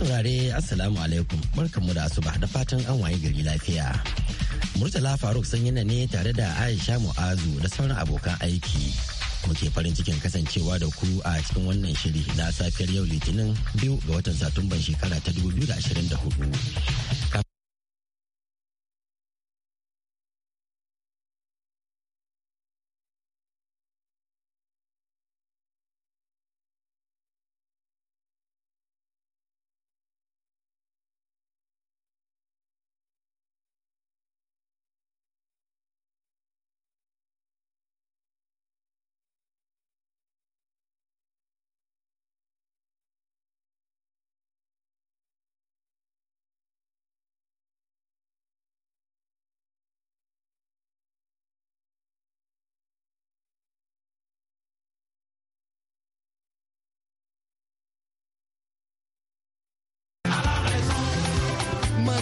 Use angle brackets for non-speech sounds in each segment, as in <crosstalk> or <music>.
saurare Assalamu alaikum barkanmu da asuba da fatan an waye gari lafiya. Murtala Faruk yana ne tare da Aisha Mu'azu da sauran abokan aiki. Muke farin cikin kasancewa da ku a cikin wannan shiri na safiyar yau Litinin biyu ga watan Satumban shekara ta 2024.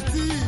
ti.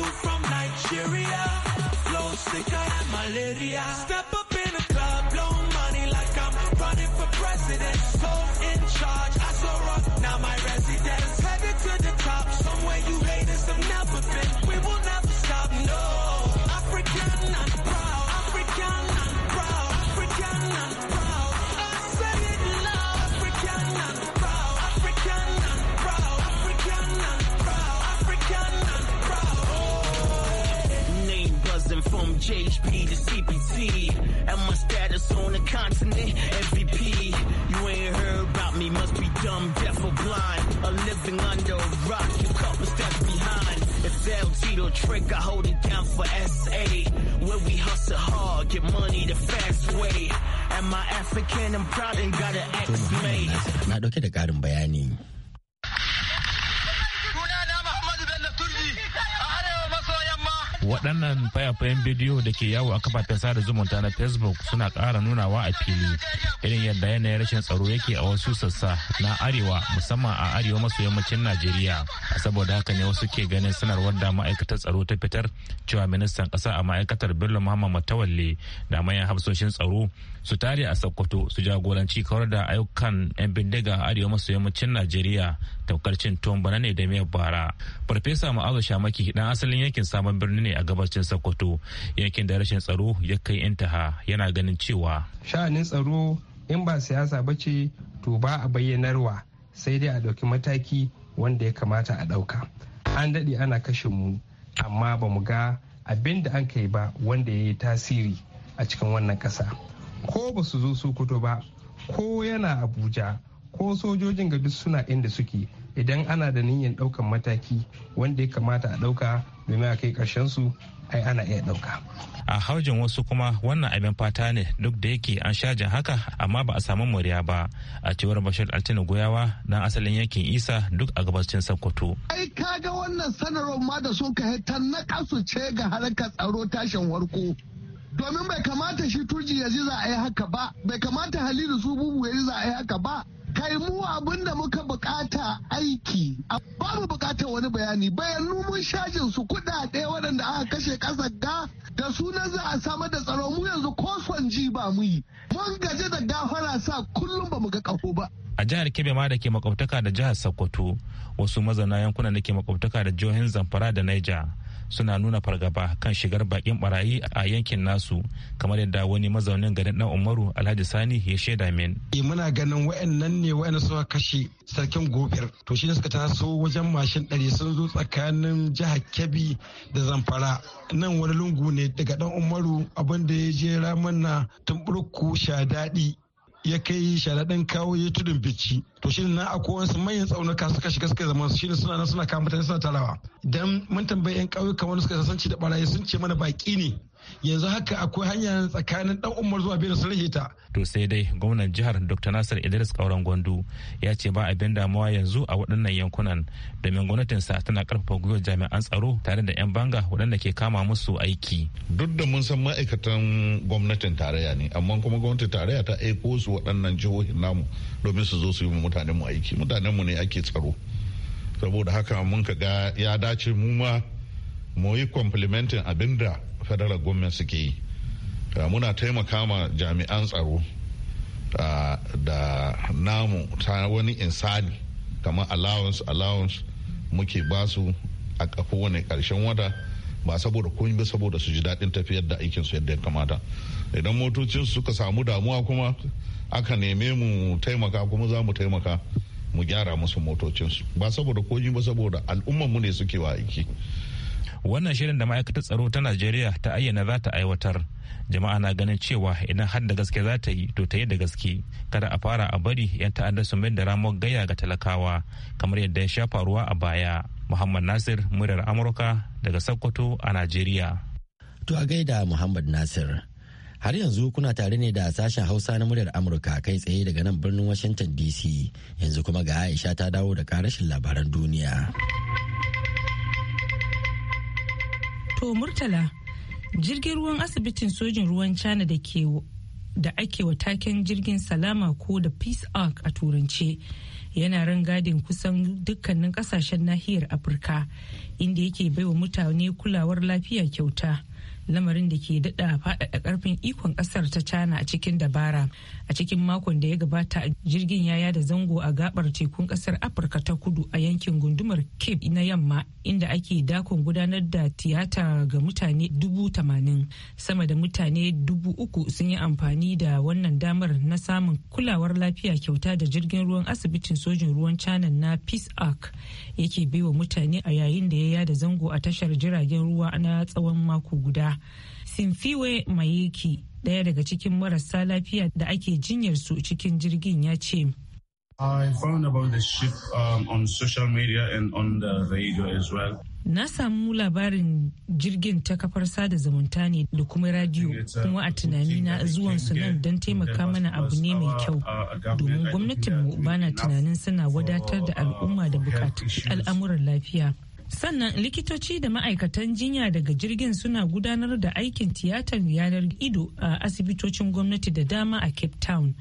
you from Nigeria. Flow sicker than malaria. Step up in the club, blow money like I'm running for president. So in charge, I saw rock, now my residence. to And my status on the continent, MVP. You ain't heard about me, must be dumb, deaf or blind. A living under a rock, you couple steps behind. It's El Tito trick, I hold it down for SA. Where we hustle hard, get money the fast way. Am I African? I'm proud and got an X-made. waɗannan fayafayen bidiyo da ke yawo a kafafen sada zumunta na facebook suna ƙara nunawa a fili irin yadda yanayin rashin tsaro yake a wasu sassa na arewa musamman a arewa maso yammacin najeriya saboda haka ne wasu ke ganin sanarwar da ma'aikatar tsaro ta fitar cewa ministan ƙasa a ma'aikatar bello muhammad matawalle da mayan hafsoshin tsaro su tare a sokoto su jagoranci kawar da ayyukan 'yan bindiga a arewa maso yammacin najeriya taukar cin tuwon bana ne da miyar bara farfesa ma'azu shamaki dan asalin yankin sabon birni ne a gabacin sokoto yankin da rashin tsaro ya kai intaha yana ganin cewa sha'anin tsaro in ba siyasa ba ce to ba a bayyanarwa sai dai a ɗauki mataki wanda ya kamata a ɗauka an daɗe ana kashe mu amma ba mu ga abin da an kai ba wanda ya yi tasiri a cikin wannan ƙasa ko ba su zo sokoto ba ko yana abuja ko sojojin ga duk suna inda suke idan ana da niyyar ɗaukan mataki wanda ya kamata a ɗauka domin a kai ƙarshen su ai ana iya ɗauka. A haujin wasu kuma wannan abin fata ne duk da yake an shajin haka amma ba a samu moriya ba a cewar Bashir Altina Goyawa na asalin yankin Isa duk a gabacin Sokoto. Ai kaga wannan sanarwar ma da sun kai na kasu ce ga harkar tsaro tashin warko domin bai kamata shi turji ya ji za a yi haka ba bai kamata halilu su bubu ya ji za a yi haka ba kai mu abin da muka bukata aiki babu bukata wani bayani bayanu mun shajin su kudade waɗanda aka kashe ƙasar ga da sunan za a samar da tsaro mu yanzu ko son ji ba mu yi mun gaje da gafara sa kullum ba mu ga ƙaho ba a jihar kebe ma da ke makwabtaka da jihar sokoto wasu mazauna yankunan da ke makwabtaka da jihohin zamfara da niger suna nuna fargaba kan shigar bakin barayi a yankin nasu kamar yadda wani mazaunin garin dan umaru alhaji sani ya shaida min eh, muna ganin wa'annan ne wa'annan suka kashe sarkin gobir to shi suka taso wajen mashin ɗari sun zo tsakanin jihar kebbi da zamfara nan wani lungu ne daga dan umaru abinda ya je ramanna tun sha daɗi ya kai sharaɗin kawo ya tudun bici to shi na akwai manyan tsaunuka suka shiga suka zama shi ne suna nan suna kama mutane suna talawa don mun tambayi yan ƙauyuka wani suka sasanci da ɓarayi sun ce mana baƙi ne yanzu haka akwai hanyar tsakanin dan umar zuwa biyar sun ta. to sai dai gwamnan jihar dr nasir idris kauran gwandu ya ce ba abin damuwa yanzu a waɗannan yankunan domin gwamnatin sa tana karfafa gwiwar jami'an tsaro tare da yan banga waɗanda ke kama musu aiki duk da mun san ma'aikatan gwamnatin tarayya ne amma kuma gwamnatin tarayya ta aiko su waɗannan jihohin namu domin su zo su yi mutanen mu aiki mutanen mu ne ake tsaro saboda haka mun ka ga ya dace mu ma mu yi complimentin abin da federal government suke yi ah, muna taimaka ma jami'an tsaro ah, da namu ta wani insani kamar allowance allowance muke basu a wani karshen wata ba saboda kun bi saboda su ji daɗin tafiyar da aikin su yadda ya kamata idan motocin suka samu damuwa kuma aka neme mu taimaka kuma za mu taimaka mu gyara musu motocinsu ba saboda yi ba saboda al'ummar mu ne suke wa aiki wannan shirin da ma'aikatar tsaro ta najeriya ta ayyana za ta aiwatar jama'a na ganin cewa idan har da gaske za ta yi to ta yi da gaske kada a fara a bari 'yan ta'addar su da ramuwar gaya ga talakawa kamar yadda ya sha faruwa a baya muhammad nasir muryar amurka daga sokoto a najeriya to a gaida muhammad nasir har yanzu kuna tare ne da sashen hausa na muryar amurka kai tsaye daga nan birnin washington dc yanzu kuma ga aisha ta dawo da karashin labaran duniya. To Murtala, jirgin ruwan asibitin sojin ruwan China da ke da ake wa taken jirgin salama ko da peace ark a turance yana rangadin kusan dukkanin kasashen nahiyar afirka inda yake baiwa mutane kulawar lafiya kyauta lamarin da ke daɗa faɗaɗa ƙarfin ikon ƙasar ta China a cikin dabara. A cikin makon da ya gabata jirgin yaya da zango a gabar tekun ƙasar Afirka ta kudu a yankin gundumar Cape na yamma inda ake dakon gudanar da tiyata ga mutane dubu tamanin. Sama da mutane dubu sun yi amfani da wannan damar na samun kulawar lafiya kyauta da jirgin ruwan asibitin sojin ruwan cana na Peace Ark yake baiwa mutane a yayin da ya yada zango a tashar jiragen ruwa na tsawon mako guda. Simfiwe Mayeki, ɗaya daga cikin marasa lafiya da ake jinyar su cikin jirgin ya ce. Um, na samu labarin jirgin ta kafar sada zumunta ne da kuma radiyo kuma a tunani na zuwan su nan don taimaka mana abu ne mai kyau uh, domin gwamnatinmu bana tunanin suna wadatar da al'umma da bukatun al'amuran lafiya. sannan likitoci da ma'aikatan jinya daga jirgin suna gudanar da aikin tiyatar yanar ido a asibitocin gwamnati da dama a cape town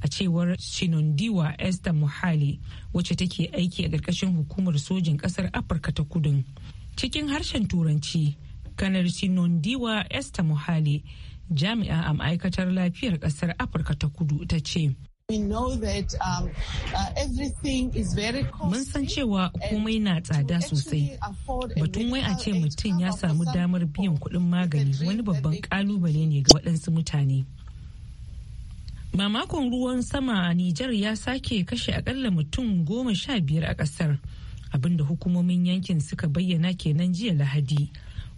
a cewar shinondiwa esther muhali wacce take aiki a ƙarƙashin hukumar sojin ƙasar afirka ta kudun cikin harshen turanci kanar shinondiwa esther muhali jami'a a ma'aikatar lafiyar ƙasar afirka ta kudu ta ce Um, uh, Mun san cewa komai na tsada sosai. Batun wai a ce mutum ya samu damar biyan kuɗin magani wani babban ƙalubale ne ga waɗansu mutane. Mamakon ruwan sama a Nijar ya sake kashe akalla mutum goma sha biyar a ƙasar. Abinda hukumomin yankin suka bayyana kenan jiya Lahadi.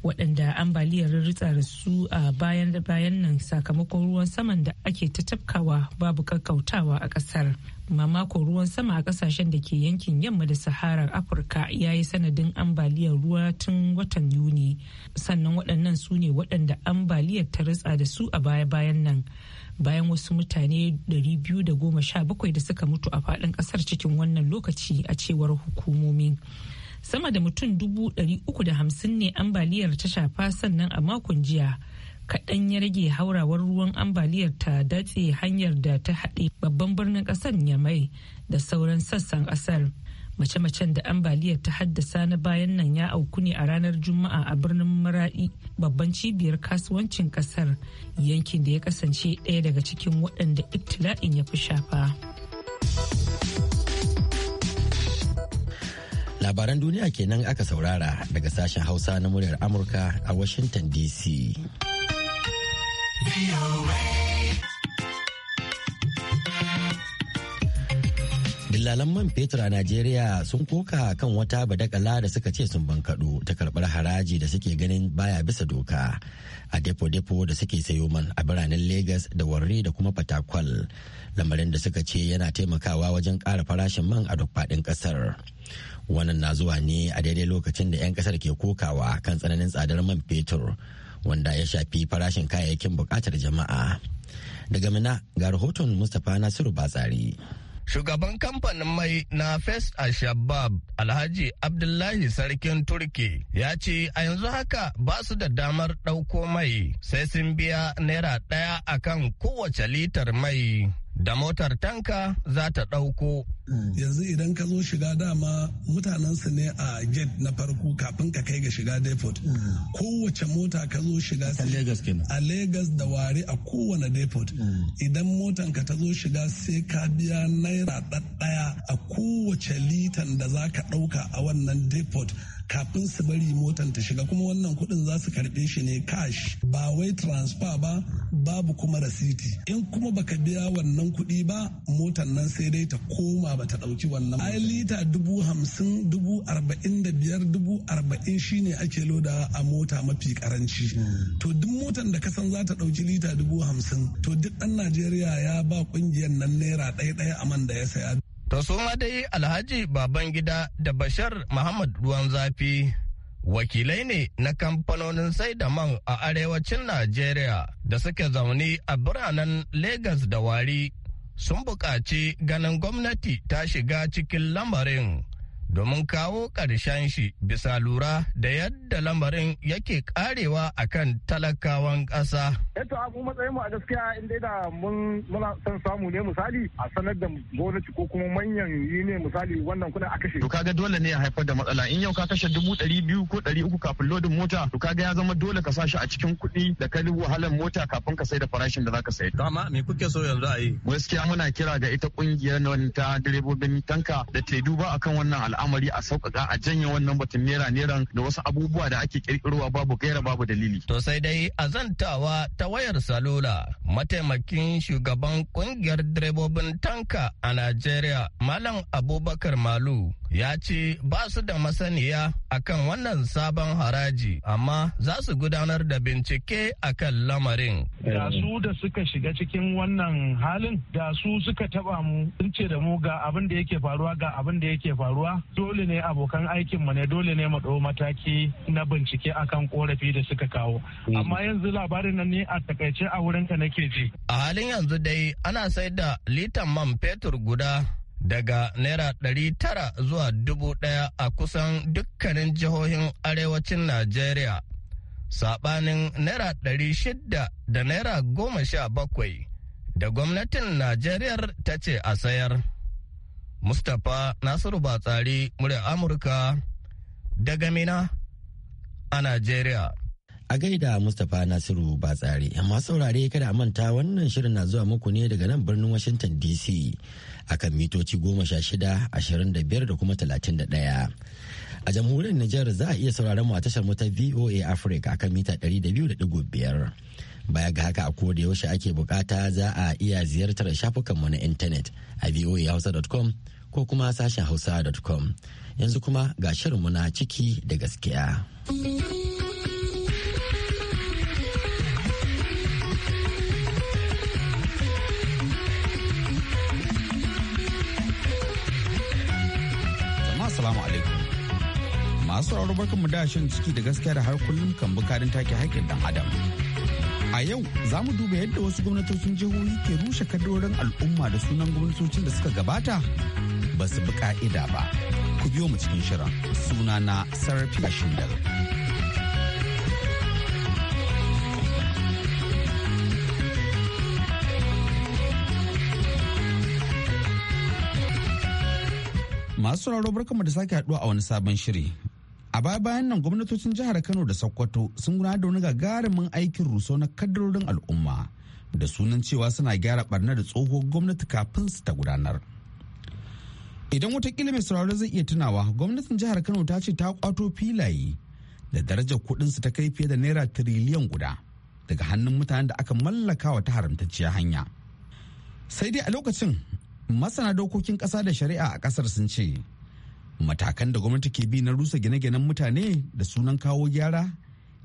waɗanda ambaliyar da su a bayan da bayan nan sakamakon ruwan saman da ake ta tafkawa babu kakkautawa a ƙasar. Mamako ruwan sama a ƙasashen da ke yankin yamma da Saharar Afirka ya yi sanadin ambaliyar ruwa tun watan Yuni. Sannan waɗannan su ne waɗanda ambaliyar ta ritsa da su a baya-bayan nan. bayan wasu mutane 217 da suka mutu a faɗin ƙasar cikin wannan lokaci a cewar hukumomi. sama da mutum dubu ɗari uku da hamsin ne ambaliyar ta shafa sannan a makon jiya kaɗan ya rage haurawar ruwan ambaliyar ta datse hanyar da ta haɗe babban birnin ƙasar yamai da sauran sassan ƙasar mace-macen da ambaliyar ta haddasa na bayan nan ya auku ne a ranar juma'a a birnin maraɗi babban cibiyar kasuwancin ƙasar yankin da ya kasance ɗaya daga cikin waɗanda ibtila'in ya fi shafa. Labaran duniya kenan aka saurara daga sashen Hausa na muryar Amurka a Washington DC. Dillalan man fetur a Najeriya sun koka kan wata badakala da suka ce sun bankaɗo ta karɓar haraji da suke ganin baya bisa doka a depo-depo da suke sayo man a biranen Legas da Warri da kuma Fatakwal, lamarin da suka ce yana taimakawa wajen ƙara farashin man a duk faɗin ƙasar. wannan na zuwa ne a daidai lokacin da 'yan kasar ke kokawa kan tsananin tsadar man fetur wanda ya shafi farashin kayayyakin bukatar jama'a daga mina ga rahoton mustapha nasiru batsari shugaban kamfanin mai na first al-shabab alhaji abdullahi sarkin turki ya ce a yanzu haka ba su da damar ɗauko mai sai sun biya naira ɗaya akan kowace litar mai da motar tanka za ta ɗauko. Yanzu idan ka zo shiga dama mutanensu ne a gate na farko kafin ka kai ga shiga depot. Kowace mota ka zo shiga a Legas da ware a kowane depot. Idan motan ka ta zo shiga sai ka biya naira ɗaɗɗaya a kowace litan da za ka ɗauka a wannan depot. kafin su bari motan ta shiga kuma wannan kuɗin za su karɓe shi ne cash ba wai transfer ba babu kuma rasiti in kuma baka biya wannan kuɗi ba motan nan sai dai ta koma ba ta ɗauki wannan ai lita dubu hamsin dubu arba'in da biyar dubu arba'in shine ake loda a mota mafi karanci hmm. to duk motan da kasan za ta ɗauki lita dubu hamsin to duk ɗan najeriya ya ba ƙungiyar nan naira ɗaya ɗaya a man da ya saya To dai Alhaji Babangida da Bashar Muhammad Ruwan Zafi wakilai ne na kamfanonin sai da man a arewacin Najeriya da suke zaune a biranen Legas da Wari sun buƙaci ganin gwamnati ta shiga cikin lamarin domin kawo ƙarshen shi bisa lura da yadda lamarin yake karewa akan talakawan ƙasa. Yadda abu matsayin mu a gaskiya inda da mun muna son samu ne misali a sanar da gwamnati ko kuma manyan yi ne misali wannan kuɗin a kashe. To kaga dole ne ya haifar da matsala in yau ka kashe dubu ɗari biyu ko ɗari uku kafin lodin mota to kaga ya zama dole ka sa shi a cikin kuɗi da ka wahalar mota kafin ka sai da farashin da zaka sai. Dama me kuke so yanzu a yi? Gaskiya muna kira ga ita ƙungiyar nan ta direbobin tanka da ta duba kan wannan al'a al'amari a sauƙaƙa a janye wannan batun naira neran da wasu abubuwa da ake ƙirƙirowa babu gaira babu dalili. To sai dai a zantawa ta wayar salula mataimakin shugaban kungiyar direbobin tanka a Najeriya Malam Abubakar Malu ya ce ba su da masaniya akan wannan sabon haraji amma za su gudanar da bincike akan lamarin. Da su da suka shiga cikin wannan halin da su suka taba mu sun ce da mu ga abin da yake faruwa ga abin da yake faruwa dole ne abokan aikinmu ne dole ne mu ɗau mataki na bincike akan korafi da suka kawo mm. amma yanzu labarin nan ne a takaice a wurinka nake ji a halin yanzu dai ana sayar da litan man fetur guda daga naira ɗari tara zuwa dubu ɗaya a kusan dukkanin jihohin arewacin najeriya sabanin naira ɗari shida da naira goma sha bakwai da gwamnatin najeriyar ta ce a sayar Mustapha Nasiru Batsari murya Amurka daga Mina a Najeriya. A gaida Mustapha Nasiru Batsari, masu saurare kada a manta wannan shirin na zuwa muku ne daga nan birnin Washington DC akan mitoci goma sha shida, ashirin da biyar da kuma talatin da ɗaya. A jamhuriyar Nijar za a iya sauraron mu a tashar mu ta VOA Africa akan mita ɗari da biyu da ɗigo biyar. baya ga haka a koda yaushe ake bukata za a iya ziyartar shafukanmu na intanet a voahausa.com ko kuma sashen hausa.com yanzu kuma ga shirinmu na ciki da gaskiya. Assalamu alaikum. Masu barkan mu da shan ciki da gaskiya da har kullum kan bukarin take haƙƙin dan adam. A yau za mu duba yadda wasu gwamnatocin jihohi ke rushe kadorin al'umma da sunan gwamnatocin da suka gabata ba su bi ka'ida ba ku biyo mu cikin shirin suna na sarrafi shindar masu sauraro barkanmu da sake haɗuwa a wani sabon shiri a baya bayan nan gwamnatocin jihar kano da sokoto sun gudanar da wani gagarumin aikin ruso na kaddarorin al'umma da sunan cewa suna gyara barna da tsohuwar gwamnati kafin su ta gudanar Idan watakila mai sauraro zai iya tunawa, gwamnatin jihar Kano ta ce ta kwato filaye da darajar su ta kai fiye da naira tiriliyan guda daga hannun mutanen da aka mallaka wa ta haramtacciya hanya. Sai dai a lokacin masana dokokin ƙasa da shari'a a ƙasar sun ce matakan da gwamnati ke bi na rusa gine-ginen mutane da sunan kawo gyara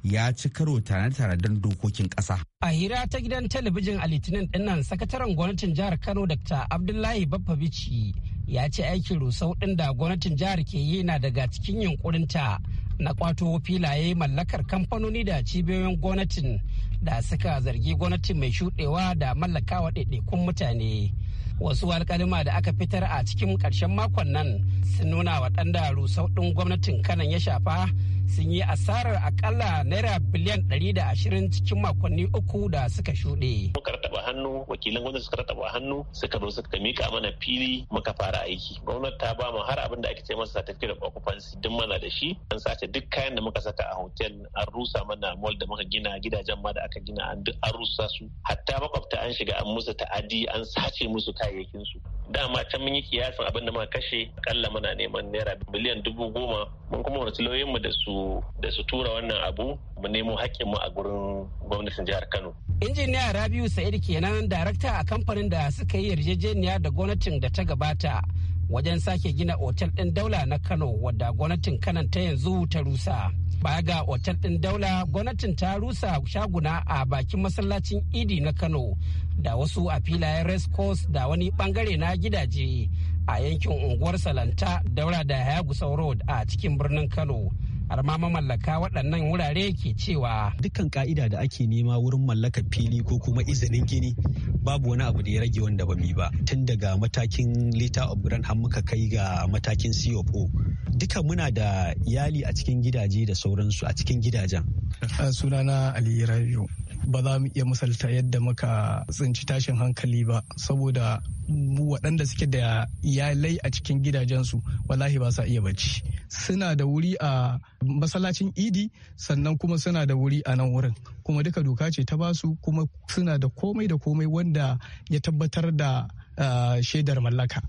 ya ci karo tare da tanaden dokokin ƙasa. A hira ta gidan talabijin a Litinin dinnan sakataren gwamnatin jihar Kano Dr. Abdullahi Baffabici ya ce aikin rusau ɗin da gwamnatin jihar ke yi na daga cikin yunkurinta na kwato filaye mallakar kamfanoni da cibiyoyin gwamnatin da suka zargi gwamnatin mai shuɗewa da mallakawa ɗaiɗaikun mutane. wasu alkalima da aka fitar a cikin ƙarshen makon nan sun nuna waɗanda rusau ɗin gwamnatin kanan ya shafa sun yi asarar akalla naira biliyan 120 cikin makonni uku da suka shuɗe. Muka rataba hannu wakilan gwamnati suka rataba hannu suka zo suka mika mana fili muka fara aiki. Gwamnati ta ba mu har abin da ake ce masa certificate of occupancy duk mana da shi. An sace duk kayan da muka saka a hotel an rusa mana mall da muka gina gidajen ma da aka gina an duk an rusa su. Hatta makwabta an shiga an musu ta'adi an sace musu kayayyakin su. Dama can mun yi kiyasin abin da muka kashe akalla muna neman naira biliyan dubu goma mun kuma wani mu da su su da su tura wannan abu mu nemo mu a gurin gwamnatin jihar Kano. Injiniya Rabiu Sa'id kenan darakta a kamfanin da suka yi yarjejeniya da gwamnatin da ta gabata wajen sake gina otel ɗin daula na Kano wadda gwamnatin Kanan ta yanzu ta rusa. Baya ga otel ɗin daula gwamnatin ta rusa shaguna a bakin masallacin Idi na Kano da wasu a filayen race course da wani bangare na gidaje a yankin unguwar Salanta daura da Hayagusa Road a cikin birnin Kano. har ma mamallaka waɗannan wurare ke cewa dukkan ka'ida da ake nema wurin mallakar fili ko kuma izinin gini babu wani abu da ya rage wanda ba mi ba tun daga matakin leta of brand har muka kai ga matakin COO duka muna da iyali a cikin gidaje da sauransu a cikin gidajen <laughs> sunana Ali Rayo ba za mu iya misalta yadda muka tsinci tashin hankali ba saboda waɗanda suke da iyalai a cikin gidajensu wallahi ba sa iya bacci suna da wuri a masallacin idi sannan kuma suna da wuri a nan wurin kuma duka doka ce ta basu kuma suna da komai da komai wanda ya tabbatar da ah, shaidar mallaka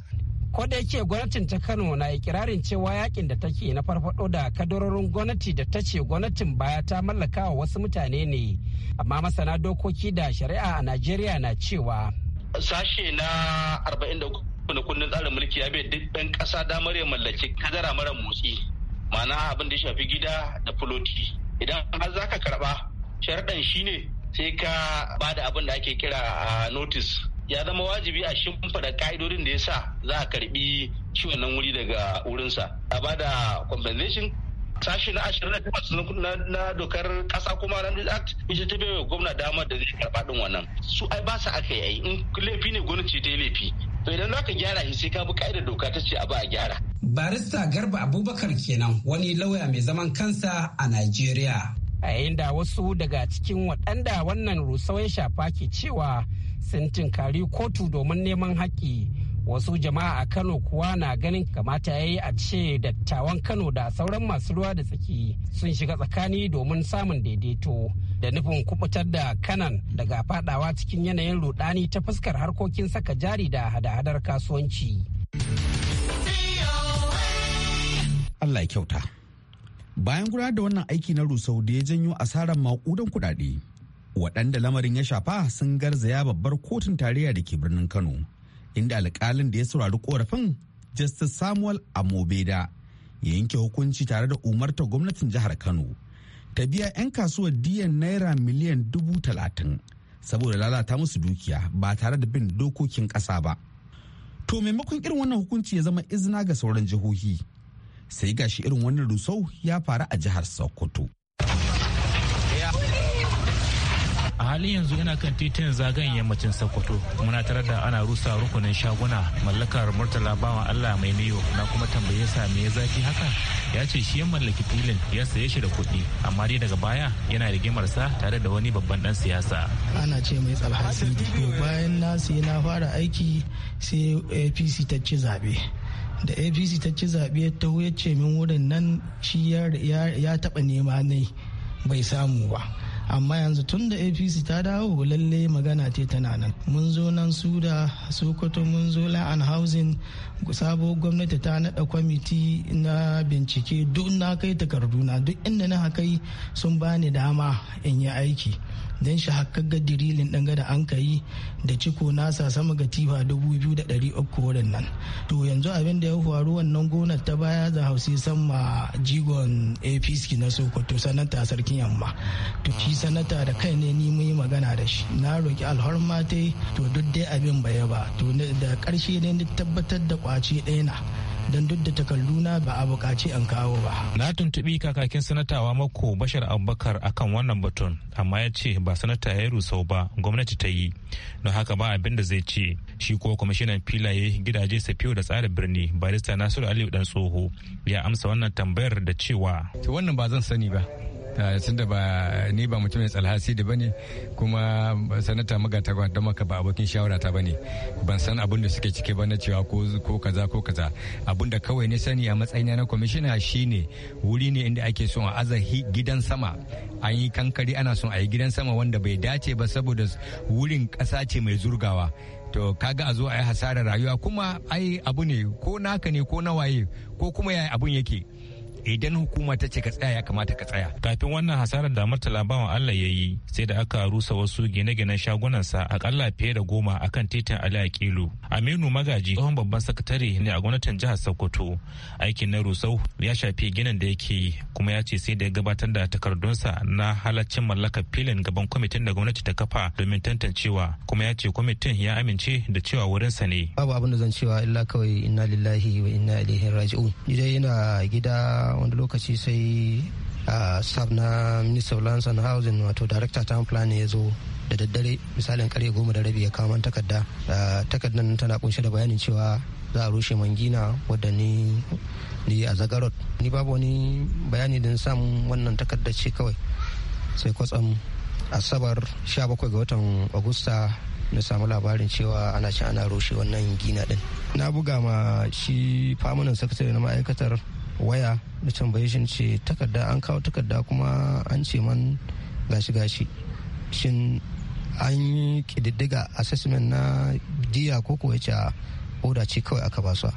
ko da yake gwamnatin ta kano na ikirarin cewa yakin da take na farfado da kadarorin gwamnati da ta ce gwamnatin baya ta mallaka wa wasu mutane ne amma masana dokoki da shari'a a najeriya na cewa sashe na 43 na kundin tsarin mulki ya bai duk ɗan ƙasa damar ya mallaki kadara mara motsi ma'ana abin da shafi gida da fuloti idan har za ka karɓa sharaɗan shine sai ka ba da abin da ake kira a ah, notice ya zama wajibi a shimfiɗa ka'idodin da ya sa za a karbi ciwon nan wuri daga wurinsa a ba da compensation sashi na ashirin da takwas na dokar kasa kuma na act ita ta baiwa gwamna dama da zai karɓa ɗin wannan su ai ba su aka yi in laifi ne gwamnati ta yi laifi to idan za ka gyara shi sai ka bi ka'ida doka ta ce a ba a gyara. barista garba abubakar kenan wani lauya mai zaman kansa a najeriya a yayin da wasu daga cikin waɗanda wannan rusau ya shafa ke cewa sun tinkari kotu domin neman haƙƙi wasu jama'a a kano kuwa na ganin kamata ya yi a ce dattawan kano da sauran masu ruwa da tsaki sun shiga tsakani domin samun daidaito da nufin kubutar da kanan daga fadawa cikin yanayin rudani ta fuskar harkokin saka jari da hada-hadar kasuwanci Allah ya kyauta bayan gudanar da wannan aiki na rusau da ya janyo asarar maƙudan kuɗaɗe waɗanda lamarin ya shafa sun garzaya babbar kotun tarayya da ke birnin kano inda alƙalin da ya saurari korafin justice samuel amobeda ya yanke hukunci tare da umartar gwamnatin jihar kano ta biya 'yan kasuwar diyan naira miliyan dubu talatin saboda lalata musu dukiya ba tare da bin dokokin ƙasa ba to maimakon irin wannan hukunci ya zama izina ga sauran jihohi sai gashi irin wannan rusau ya faru a jihar sokoto a halin yanzu yana kan titin zagayen yammacin sokoto muna tare da ana rusa rukunin shaguna mallakar murtala bawa allah mai niyo na kuma tambaye sa me zafi haka ya ce shi ya mallaki filin ya saye shi da kuɗi amma dai daga baya yana rigimar sa tare da wani babban dan siyasa ana ce mai tsalhasi bayan na sai na fara aiki sai apc ta ci zabe da apc ta ci zaɓe ta wuce min wurin nan shi ya taɓa nema ne bai samu ba amma yanzu tun da apc ta dawo lalle magana ce tana nan mun zo nan su da sokoto mun zo la'an housing sabo gwamnati ta nada kwamiti na bincike duk na kai takarduna duk inda na kai sun bani dama in yi aiki don shi hakkaga dirilin ɗan da an ka yi da ciko nasa sama ga tifa dubu biyu da ɗari uku wurin nan to yanzu abin da ya faru wannan gonar ta baya za hausi sama jigon apc na sokoto sanata sarkin yamma to shi sanata da kai ne ni mun yi magana da shi na roki alhorma to duk dai abin baya ba to da ƙarshe ne tabbatar da kwace ɗaya na don duk da na ba a bukaci an kawo ba. Na tuntuɓi kakakin sanatawa mako Bashar Abubakar akan wannan batun amma ya ce ba sanata ya rusau ba gwamnati ta yi don haka ba abin da zai ce shi ko kwamishinan filaye gidaje safiyo da tsarin birni barista Nasiru Aliyu dan tsoho ya amsa wannan tambayar da cewa. To wannan ba zan sani ba tun da ba ni ba mutum mai tsalhasi da bane kuma sanata magata don maka ba abokin shawara ta bane ban san abin da suke ciki ba na cewa ko kaza ko kaza abin da kawai ne sani a matsayina na kwamishina shine wuri ne inda ake son a aza gidan sama an yi kankari ana son a yi gidan sama wanda bai dace ba saboda wurin kasa ce mai zurgawa to kaga a zo a yi hasarar rayuwa kuma ai abu ne ko naka ne ko nawaye ko kuma yaya abun yake idan hukuma ta ce ka tsaya ya kamata ka tsaya kafin wannan hasarar da murtala bawan Allah ya yi sai da aka rusa wasu gine-ginen shagunansa akalla fiye da goma a kan titin Ali Akilu Aminu Magaji tsohon babban sakatare ne a gwamnatin jihar Sokoto aikin na rusau ya shafi ginin da yake kuma ya ce sai da ya gabatar da takardunsa na halaccin mallakar filin gaban kwamitin da gwamnati ta kafa domin tantancewa kuma ya ce kwamitin ya amince da cewa wurinsa ne babu abin da zan cewa illa kawai inna lillahi wa inna ilaihi raji'un idan yana gida wani lokaci sai staff na minister of lands and housing wato director town plan ya zo da daddare misalin kare goma da rabi ya kawo takarda takardar tana kunshe da bayanin cewa za a rushe mangina wadda ni ni a zagarot ni babu wani bayani da samun wannan takarda ce kawai sai kwatsam asabar 17 ga watan agusta na samu labarin cewa ana ci ana rushe wannan gina din na buga ma shi famunan sakatare na ma'aikatar waya na tambaye shi ce takarda an kawo takarda kuma an ce man gashi gashi shin an yi kididdiga assessment na jiya ko kuwa ce a ce kawai aka ba su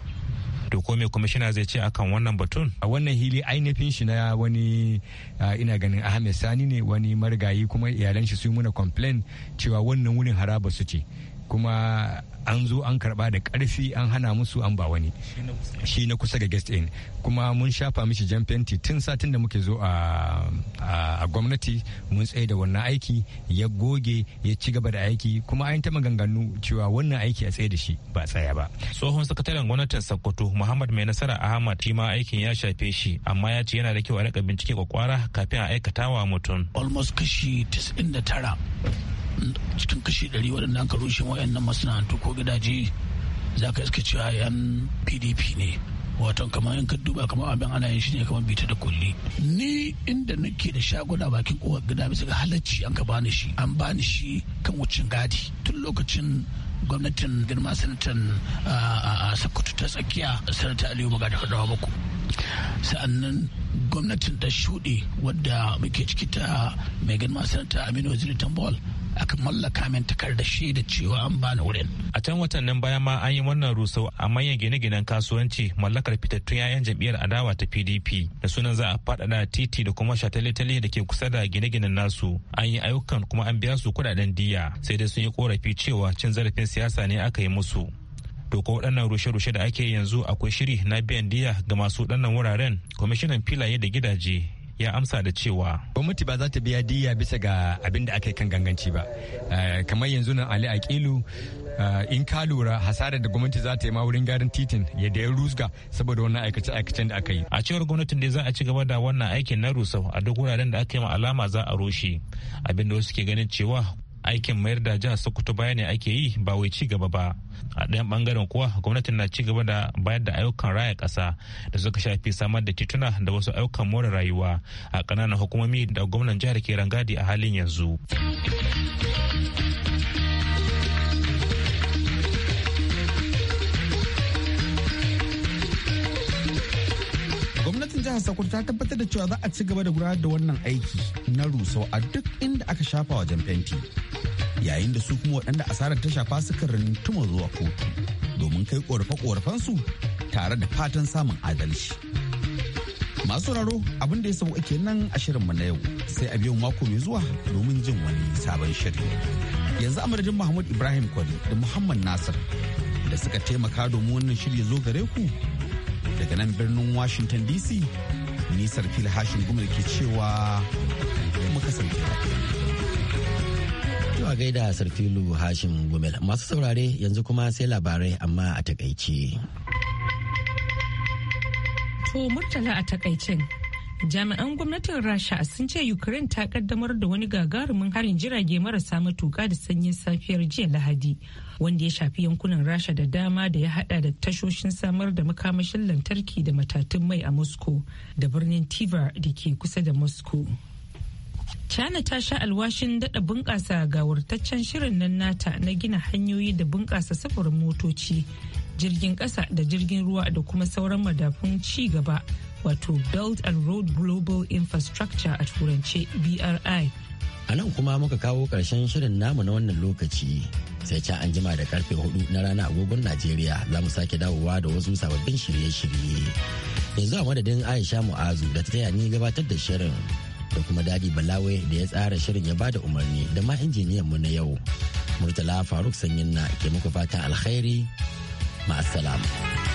to ko me kwamishina zai ce akan wannan batun a wannan hili ainihin shi na wani ina ganin ahmed sani ne wani marigayi kuma iyalan shi su muna complain cewa wannan wurin haraba su ce kuma an zo an karba da karfi an hana musu an ba wani shi na kusa ga guest in kuma mun shafa mishi jan fenti tun satin da muke zo a gwamnati mun tsaye da wannan aiki ya goge ya ci gaba da aiki kuma an ta maganganu cewa wannan aiki a tsaye da shi ba tsaya ba tsohon sakataren gwamnatin sokoto muhammad mai nasara ahmad shi ma aikin ya shafe shi amma ya ce yana da kyau a rika bincike kwakwara kafin a aikata wa mutum almost kashi 99 cikin kashi ɗari waɗanda ka rushe waɗannan masana'antu ko gidaje za ka iska cewa yan pdp ne wato kamar in ka duba kamar abin ana yin shi ne kamar bita da kulli ni inda nake da shaguna bakin kowar gida bisa ga halarci an ka bani shi an bani shi kan wucin gadi tun lokacin gwamnatin girma sanatan sokoto ta tsakiya sanata aliyu da kadawa muku sa'annan gwamnatin ta shuɗe wadda muke ciki ta mai girma sanata aminu waziri tambol aka mallaka min takardar shaida cewa an bani wurin a can nan baya ma an yi wannan rusau a manyan gine-ginen kasuwanci mallakar fitattun 'ya'yan jam'iyyar adawa ta pdp da sunan za a faɗaɗa titi da kuma shatale da ke kusa da gine-ginen nasu an yi ayyukan kuma an biya su kuɗaɗen diya sai dai sun yi korafi cewa cin zarafin siyasa ne aka yi musu to ko waɗannan rushe-rushe da ake yanzu akwai shiri na biyan diya ga masu ɗannan wuraren kwamishinan filaye da gidaje ya amsa da cewa gwamnati ba za ta biya diya bisa ga abin da aka yi kan ganganci ba eh, kamar yanzu nan ali aqilu eh, in ka lura hasarar da gwamnati za ta yi ma wurin garin titin ya da ya rusga saboda wannan aikace aikacen da aka yi a cewar gwamnatin da za a ci gaba da wannan aikin na rusau a duk wuraren da aka yi ma alama za a rushe abin da wasu ke ganin cewa aikin mayar da jihar sokoto baya ne ake yi ba wai ci gaba ba a ɗayan bangaren kuwa gwamnatin na ci gaba da bayar da ayyukan raya ƙasa da suka shafi samar da tituna da wasu ayyukan more rayuwa a ƙananan hukumomi da gwamnan jihar ke rangadi a halin yanzu. gwamnatin jihar sokoto ta tabbatar da cewa za a ci gaba da gudanar da wannan aiki na rusau a duk inda aka shafa wajen fenti yayin da su kuma waɗanda asarar ta shafa suka rintuma zuwa kotu domin kai korafe-korafensu tare da fatan samun adalci. Masu raro abin da ya sabu ake nan a shirin mu na yau sai a biyan mako mai zuwa domin jin wani sabon shiri. Yanzu amadadin Muhammad Ibrahim Kwari da Muhammad Nasir da suka taimaka domin wannan shirya zo gare ku daga nan birnin Washington DC nisar fil hashin gumar ke cewa mu kasance lafiya. To a gaida Sarfilu Hashim Gumel. Masu saurare yanzu kuma sai labarai amma a takaice. To Murtala a takaicin. Jami'an gwamnatin Rasha sun ce Ukraine ta kaddamar da wani gagarumin harin jirage marasa matuka da sanyin safiyar jiya Lahadi, wanda ya shafi yankunan Rasha da dama da ya hada da tashoshin samar da makamashin lantarki da matatun mai a Moscow da birnin Tiva da ke kusa da Moscow. China ta sha alwashin daɗa bunƙasa wurtaccen shirin nan nata na gina hanyoyi da bunƙasa safarin motoci, jirgin ƙasa da jirgin ruwa da kuma sauran madafun ci gaba wato Belt and Road Global Infrastructure a turance BRI. A nan kuma muka kawo ƙarshen shirin namu na wannan lokaci. sai can an jima da karfe hudu na rana agogon Najeriya za mu sake dawowa da wasu sababbin shirye-shirye. Yanzu a madadin Aisha Mu'azu da ta ni gabatar da shirin da kuma dadi balawe da ya tsara shirin ya bada umarni da ma injiniyan mu na yau murtala faruk sanyin na ke muku fatan alkhairi ma'asalam.